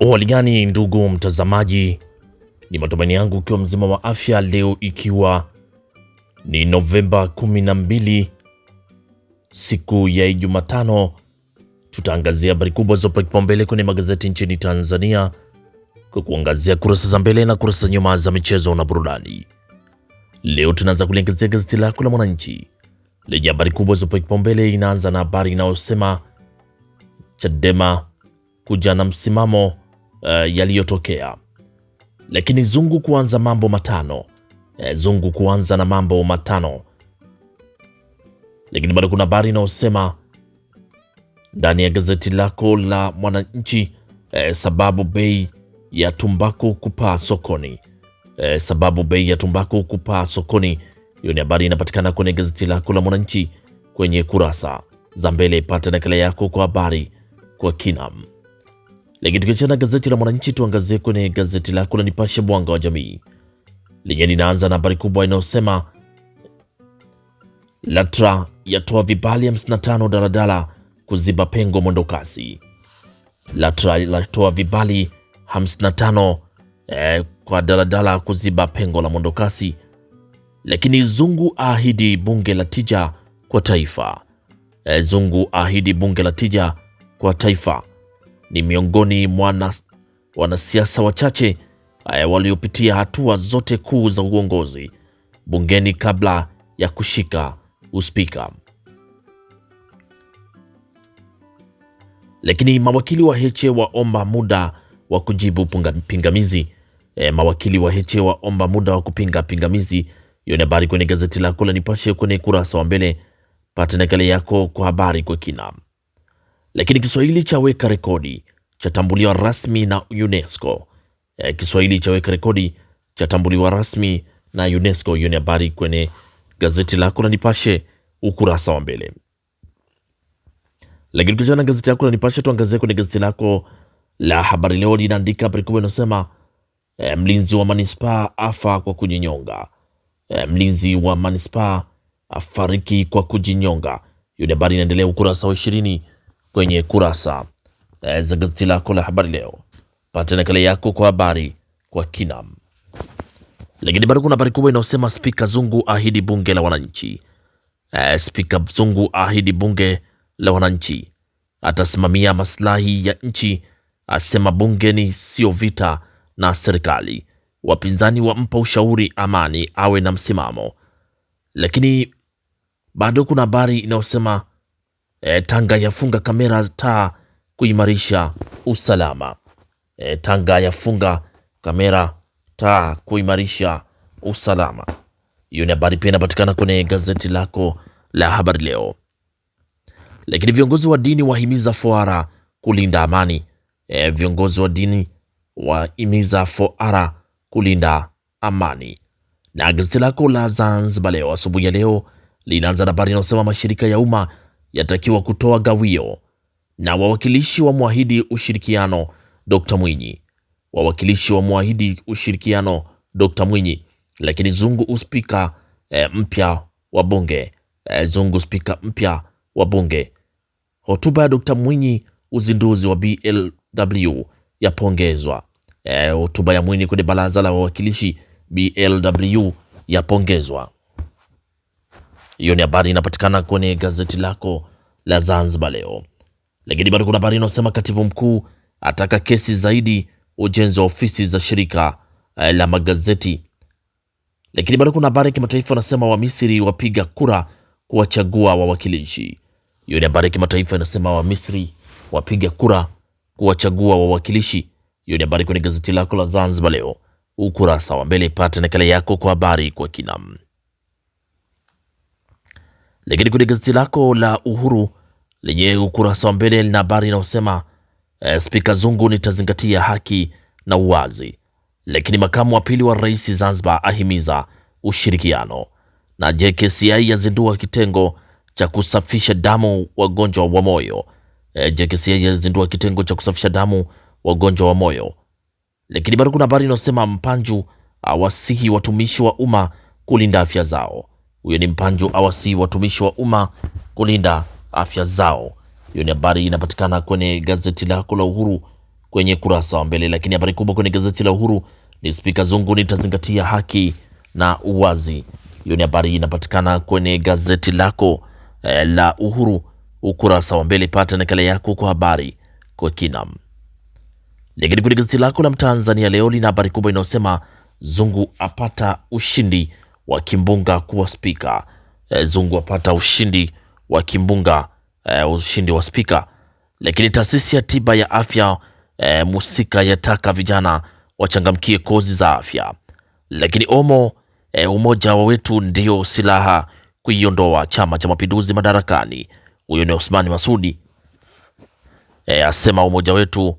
Uhaligani ndugu mtazamaji, ni matumaini yangu ukiwa mzima wa afya leo, ikiwa ni Novemba 12 siku ya Jumatano, tutaangazia habari kubwa zopa kipaumbele kwenye magazeti nchini Tanzania kwa kuangazia kurasa za mbele na kurasa za nyuma za michezo na burudani. Leo tunaanza kuliangazia gazeti lako la Mwananchi lenye habari kubwa zopa kipaumbele. Inaanza na habari inayosema Chadema kuja na msimamo uh, yaliyotokea, lakini Zungu kuanza mambo matano eh, Zungu kuanza na mambo matano, lakini bado kuna habari inayosema ndani ya gazeti lako la Mwananchi eh, sababu bei ya tumbaku kupaa sokoni eh, sababu bei ya tumbaku kupaa sokoni. Hiyo ni habari inapatikana kwenye gazeti lako la Mwananchi kwenye kurasa za mbele. Pata nakala yako kwa habari kwa kinam lakini tukiachana gazeti la Mwananchi, tuangazie kwenye gazeti lako la Nipashe Mwanga wa Jamii lenye linaanza na habari kubwa inayosema LATRA yatoa vibali 55 daladala kuziba pengo mwendokasi. LATRA latoa vibali 55 eh, kwa daladala kuziba pengo la mwendokasi. Lakini Zungu ahidi bunge la tija kwa taifa. Eh, Zungu ahidi bunge la tija kwa taifa ni miongoni mwa wanasiasa wachache eh, waliopitia hatua zote kuu za uongozi bungeni kabla ya kushika uspika. Lakini mawakili wa Heche waomba muda wa kujibu pingamizi. E, mawakili wa Heche waomba muda wa kupinga pingamizi. Hiyo ni habari kwenye gazeti lako la Nipashe kwenye kurasa wa mbele. Pata nakala yako kwa habari kwa kina lakini Kiswahili chaweka rekodi chatambuliwa rasmi na UNESCO. E, Kiswahili chaweka rekodi chatambuliwa rasmi na UNESCO. Hiyo ni habari kwenye gazeti lako la Nipashe ukurasa wa mbele. Lakini kuchana na gazeti lako la Nipashe, tuangazie kwenye gazeti lako la Habari Leo linaandika habari kubwa inasema e, mlinzi wa manispaa afa kwa kujinyonga. E, mlinzi wa manispaa afariki kwa kujinyonga. Hiyo ni habari inaendelea ukurasa wa ishirini kwenye kurasa eh, za gazeti lako la habari leo. Pata nakala yako kwa habari kwa kina. Lakini bado kuna habari kubwa inayosema Spika Zungu ahidi bunge la wananchi. E, Spika Zungu ahidi bunge la wananchi, atasimamia maslahi ya nchi, asema bunge ni sio vita na serikali. Wapinzani wampa ushauri Amani awe na msimamo. Lakini bado kuna habari inayosema E, Tanga yafunga kamera taa kuimarisha usalama. E, Tanga yafunga kamera taa kuimarisha usalama. Hiyo ni habari pia inapatikana kwenye gazeti lako la Habari Leo. Lakini viongozi wa dini wahimiza foara kulinda amani. E, viongozi wa dini wahimiza foara kulinda amani. Na gazeti lako la Zanzibar Leo asubuhi ya leo linaanza na habari inayosema mashirika ya umma yatakiwa kutoa gawio na wawakilishi wa mwahidi ushirikiano Dr. Mwinyi, wawakilishi wamwahidi ushirikiano Dr. Mwinyi. Lakini Zungu uspika e, mpya wa bunge e, Zungu spika mpya wa bunge. Hotuba ya Dr. Mwinyi uzinduzi wa BLW yapongezwa. E, hotuba ya Mwinyi kwenye baraza la wawakilishi BLW yapongezwa. Hiyo ni habari inapatikana kwenye gazeti lako la Zanzibar Leo. Lakini bado kuna habari inayosema katibu mkuu ataka kesi zaidi ujenzi wa ofisi za shirika eh, la magazeti. Lakini bado kuna habari kimataifa, inasema wa Misri wapiga kura kuwachagua wawakilishi. Hiyo ni habari kimataifa, inasema wa Misri wapiga kura kuwachagua wawakilishi. Hiyo ni habari kwenye gazeti lako la Zanzibar Leo ukurasa wa mbele. Pata nakala yako kwa habari kwa kinam. Lakini kwenye gazeti lako la Uhuru lenye ukurasa wa mbele lina habari inayosema eh, Spika Zungu, nitazingatia haki na uwazi. Lakini makamu wa pili wa rais Zanzibar ahimiza ushirikiano, na JKCI yazindua kitengo cha kusafisha damu wagonjwa wa moyo. Eh, JKCI yazindua kitengo cha kusafisha damu wagonjwa wa moyo. Lakini bado kuna habari inayosema Mpanju awasihi watumishi wa umma kulinda afya zao huyo ni Mpanju awasi watumishi wa umma kulinda afya zao. Hiyo ni habari inapatikana kwenye gazeti lako la Uhuru kwenye kurasa wa mbele, lakini habari kubwa kwenye gazeti la Uhuru ni Spika Zungu, nitazingatia haki na uwazi. Hiyo ni habari inapatikana kwenye gazeti lako eh, la Uhuru ukurasa wa mbele. Pata nakala yako kwa habari kwa kina. Lakini kwenye gazeti lako la Mtanzania leo lina habari kubwa inayosema Zungu apata ushindi wa kimbunga kuwa spika. E, eh, Zungu apata ushindi wa kimbunga e, ushindi wa spika. Lakini taasisi ya tiba ya afya e, Musika yataka vijana wachangamkie kozi za afya. Lakini Omo e, umoja wa wetu ndio silaha kuiondoa Chama cha Mapinduzi madarakani. Huyo ni Osmani Masudi e, asema umoja wetu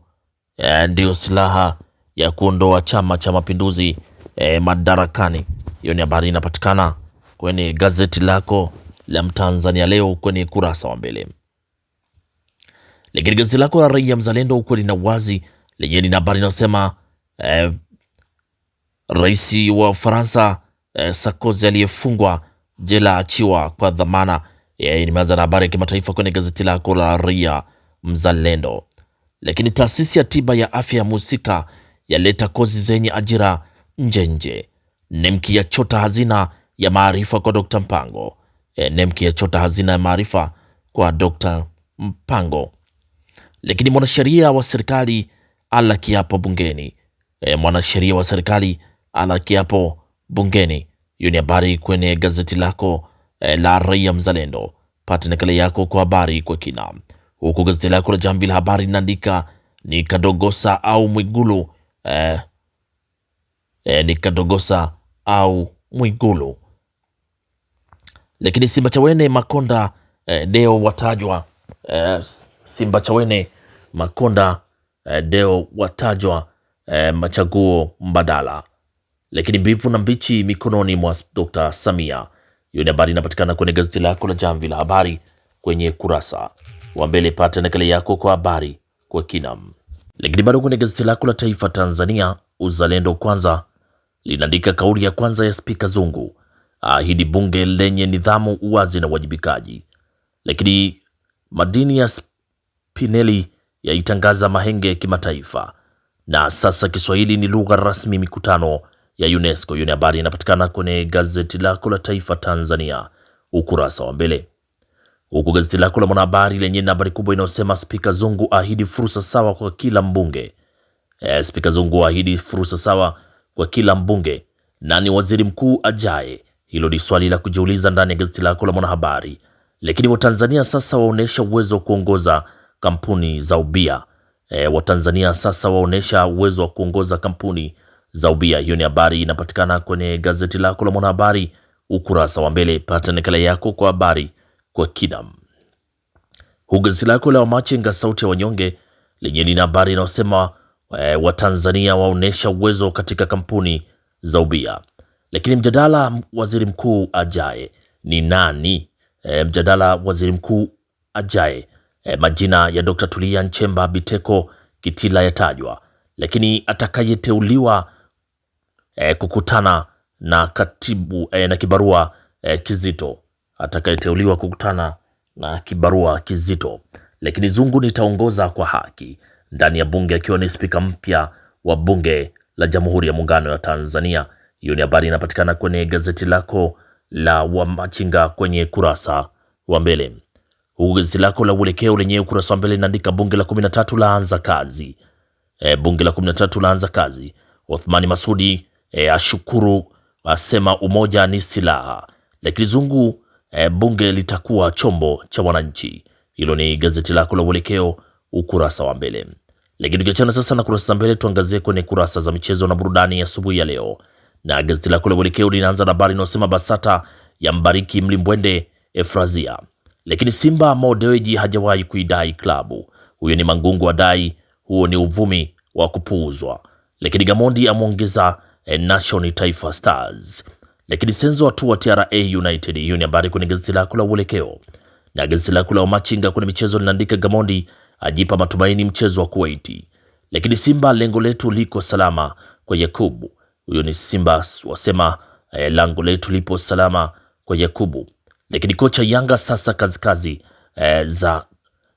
e, ndio silaha ya kuondoa Chama cha Mapinduzi e, madarakani. Hiyo ni habari inapatikana kwenye gazeti lako la Mtanzania leo kwenye kurasa wa mbele. Lakini gazeti lako la Raia Mzalendo, ukweli na uwazi, lenyewe lina habari inasema eh, rais wa Ufaransa eh, Sarkozy aliyefungwa jela achiwa kwa dhamana. Yeye eh, nimeanza na habari ya kimataifa kwenye gazeti lako la Raia Mzalendo. Lakini taasisi ya tiba ya afya ya Musika yaleta kozi zenye ajira nje nje. Nemki ya chota hazina ya maarifa kwa Dr. Mpango. E, eh, Nemki ya chota hazina ya maarifa kwa Dr. Mpango. Lakini mwanasheria wa serikali ala kiapo bungeni. E, mwanasheria wa serikali ala kiapo bungeni. Hiyo ni habari kwenye gazeti lako e, la Raia Mzalendo. Pata nakala yako kwa habari kwa kina. Huku gazeti lako la Jamvi la Habari linaandika ni Kadogosa au Mwigulu e, e, ni Kadogosa au Mwigulu. Lakini Simba Chawene Makonda eh, deo watajwa eh, Simba Chawene Makonda eh, deo watajwa eh, machaguo mbadala. Lakini mbivu na mbichi mikononi mwa Dr. Samia. Hiyo ni habari inapatikana kwenye gazeti lako la Jamvi la Habari kwenye kurasa wa mbele. Pata nakala yako kwa habari kwa kinam. Lakini bado kwenye gazeti lako la Taifa Tanzania Uzalendo Kwanza linaandika kauli ya kwanza ya Spika Zungu ahidi bunge lenye nidhamu, uwazi na uwajibikaji. Lakini madini ya Spineli yaitangaza Mahenge ya kimataifa na sasa Kiswahili ni lugha rasmi mikutano ya UNESCO. Hiyo ni habari inapatikana kwenye gazeti lako la Taifa Tanzania ukurasa wa mbele, huku gazeti lako la Mwanahabari lenye na habari kubwa inayosema Spika Zungu ahidi fursa sawa kwa kila mbunge. E, Spika Zungu ahidi fursa sawa kwa kila mbunge. Nani waziri mkuu ajaye? Hilo ni swali la kujiuliza ndani ya gazeti lako la Mwanahabari. Lakini Watanzania sasa waonesha uwezo wa kuongoza kampuni za ubia. E, Watanzania sasa waonesha uwezo wa kuongoza kampuni za ubia. Hiyo ni habari inapatikana kwenye gazeti lako la Mwanahabari ukurasa wa mbele. Pata nakala yako kwa habari kwa kidam. Gazeti lako la Wamachinga sauti ya wanyonge lenye lina habari inayosema e, wa Tanzania waonesha uwezo katika kampuni za ubia. Lakini mjadala waziri mkuu ajaye ni nani? E, mjadala waziri mkuu ajaye e, majina ya Dr. Tulia Nchemba Biteko Kitila yatajwa, lakini atakayeteuliwa e, kukutana na katibu e, na kibarua e, kizito atakayeteuliwa kukutana na kibarua kizito, lakini Zungu nitaongoza kwa haki ndani ya bunge akiwa ni spika mpya wa bunge la Jamhuri ya Muungano ya Tanzania. Hiyo ni habari inapatikana kwenye gazeti lako la Wamachinga kwenye kurasa wa mbele. Huku gazeti lako la Uelekeo lenye ukurasa wa mbele linaandika bunge la 13 laanza kazi. E, bunge la 13 laanza kazi. Othmani Masudi e, ashukuru asema umoja ni silaha. Lakini zungu e, bunge litakuwa chombo cha wananchi. Hilo ni gazeti lako la Uelekeo ukurasa wa mbele. Lakini tukiachana sasa na kurasa za mbele, tuangazie kwenye kurasa za michezo na burudani ya asubuhi ya leo, na gazeti la kule Mwelekeo linaanza na habari inayosema Basata ya mbariki Mlimbwende Efrazia, lakini Simba Modeweji hajawahi kuidai klabu. Huyo ni Mangungu adai huo ni uvumi wa kupuuzwa, lakini Gamondi amwongeza eh, Nation Taifa Stars, lakini Senzo atua TRA United. Hiyo ni habari kwenye gazeti lako la Uelekeo, na gazeti lako la Machinga kwenye michezo linaandika Gamondi ajipa matumaini mchezo wa Kuwait. Lakini Simba, lengo letu liko salama kwa Yakubu. Huyo ni Simba wasema eh, lengo letu lipo salama kwa Yakubu. Lakini kocha Yanga sasa kazi kazi eh, za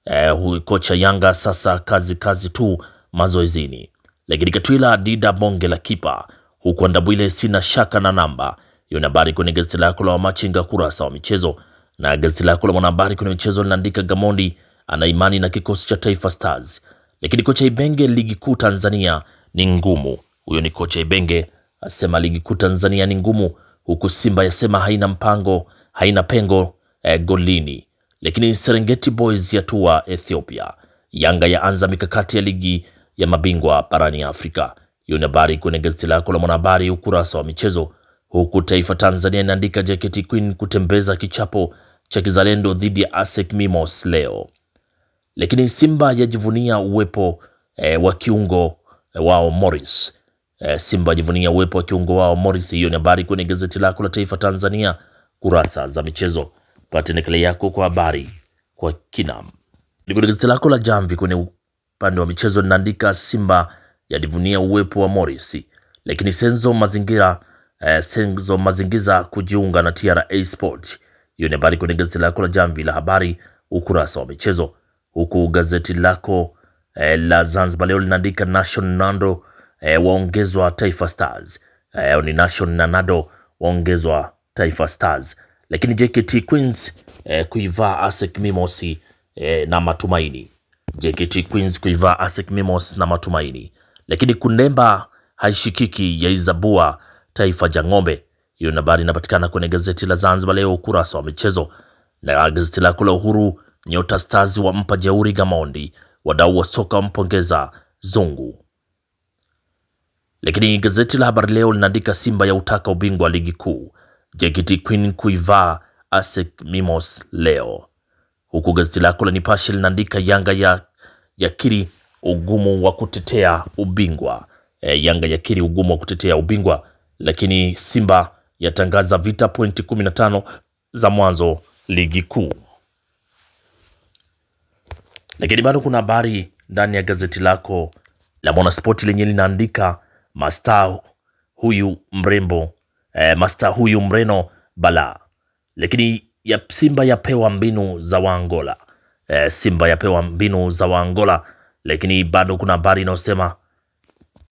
eh, huyu kocha Yanga sasa kazi kazi tu mazoezini. Lakini Katwila dida bonge la kipa huku Andabwile sina shaka na namba hiyo. Ni habari kwenye gazeti lako la Wamachinga kurasa wa michezo, na gazeti lako la Mwanahabari kwenye michezo linaandika Gamondi ana imani na kikosi cha Taifa Stars, lakini kocha Ibenge, ligi kuu Tanzania ni ngumu. Huyo ni kocha Ibenge asema ligi kuu Tanzania ni ngumu, huku Simba yasema haina mpango, haina pengo eh, golini. Lakini Serengeti Boys yatua Ethiopia. Yanga yaanza mikakati ya ligi ya mabingwa barani Afrika. Hiyo ni habari kwenye gazeti lako la Mwanahabari ukurasa wa michezo, huku Taifa Tanzania inaandika JKT Queen kutembeza kichapo cha kizalendo dhidi ya ASEC Mimos leo lakini Simba yajivunia uwepo e, wa kiungo eh, wao Morris. E, Simba yajivunia uwepo wa kiungo wao Morris. Hiyo ni habari kwenye gazeti lako la Taifa Tanzania kurasa za michezo. Pate nakala yako kwa habari kwa kina. Kwenye gazeti lako la Jamvi kwenye upande wa michezo linaandika Simba yajivunia uwepo wa Morris, lakini Senzo Mazingira e, Senzo Mazingira kujiunga na TRA Sport. Hiyo ni habari kwenye gazeti lako la Jamvi la habari ukurasa wa michezo huku gazeti lako e, la Zanzibar leo linaandika Nation Nando e, waongezwa Taifa Stars e, ni Nation na waongezwa Taifa Stars, lakini JKT Queens e, kuivaa ASEC Mimos e, na matumaini. JKT Queens kuivaa ASEC Mimos na matumaini, lakini Kunemba haishikiki ya izabua Taifa Jang'ombe. Hiyo habari inapatikana kwenye gazeti la Zanzibar leo ukurasa wa michezo, na gazeti lako la Uhuru Nyota Stars wampa jeuri Gamondi, wadau wa soka wampongeza Zungu. Lakini gazeti la Habari Leo linaandika Simba ya utaka ubingwa ligi kuu, JKT Queen kuivaa ASEC Mimos leo, huku gazeti lako la Nipashe linaandika Yanga ya yakiri ugumu wa kutetea ubingwa e, Yanga yakiri ugumu wa kutetea ubingwa, lakini Simba yatangaza vita pointi 15 za mwanzo ligi kuu. Lakini bado kuna habari ndani ya gazeti lako la Mwanaspoti lenye linaandika masta huyu mrembo eh, masta huyu mreno bala. Lakini ya Simba yapewa mbinu za Waangola eh, Simba yapewa mbinu za Waangola. Lakini bado kuna habari inayosema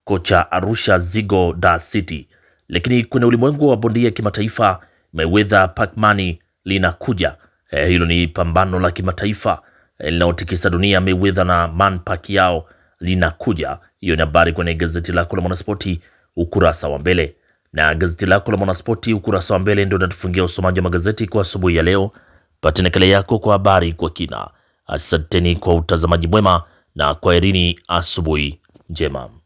kocha Arusha zigo da City. Lakini kwenye ulimwengu wa bondia kimataifa Mayweather Pacman linakuja eh, hilo ni pambano la kimataifa linaotikisa dunia Mayweather na Man Pacquiao linakuja. Hiyo ni habari kwenye gazeti lako la Mwanaspoti ukurasa wa mbele, na gazeti lako la Mwanaspoti ukurasa wa mbele ndio natufungia usomaji wa magazeti kwa asubuhi ya leo. Pate nakala yako kwa habari kwa kina. Asanteni kwa utazamaji mwema na kwaherini, asubuhi njema.